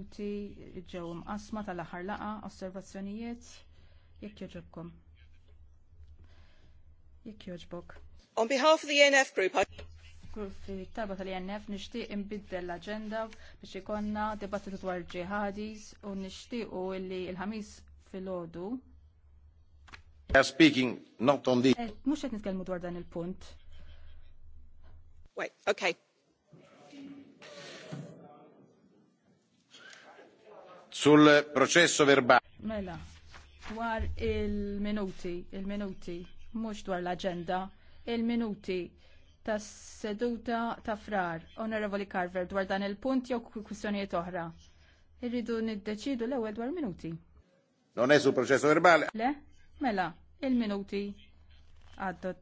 minuti ġew imqasma tal-aħħar laqa, osservazzjonijiet, jekk joġobkom. Jekk joġbok. On behalf of the ENF group, I fil-tarba tal-INF nishtiq imbiddel l agenda biex ikonna dibattitu dwar ġihadis u nishtiq u illi il ħamis fil-ħodu. speaking not on the... Eh, Mux jett nitkelmu dwar dan il-punt. Wait, okay. sul processo verbale. Mela, dwar il-minuti, il-minuti, mux dwar l-agenda, il-minuti tas seduta ta' frar, Onorevoli Carver, dwar dan il-punt jew kwistjonijiet oħra. Irridu niddeċidu l-ewwel dwar minuti. Non è sul processo verbale? Le? Mela, il-minuti għaddot.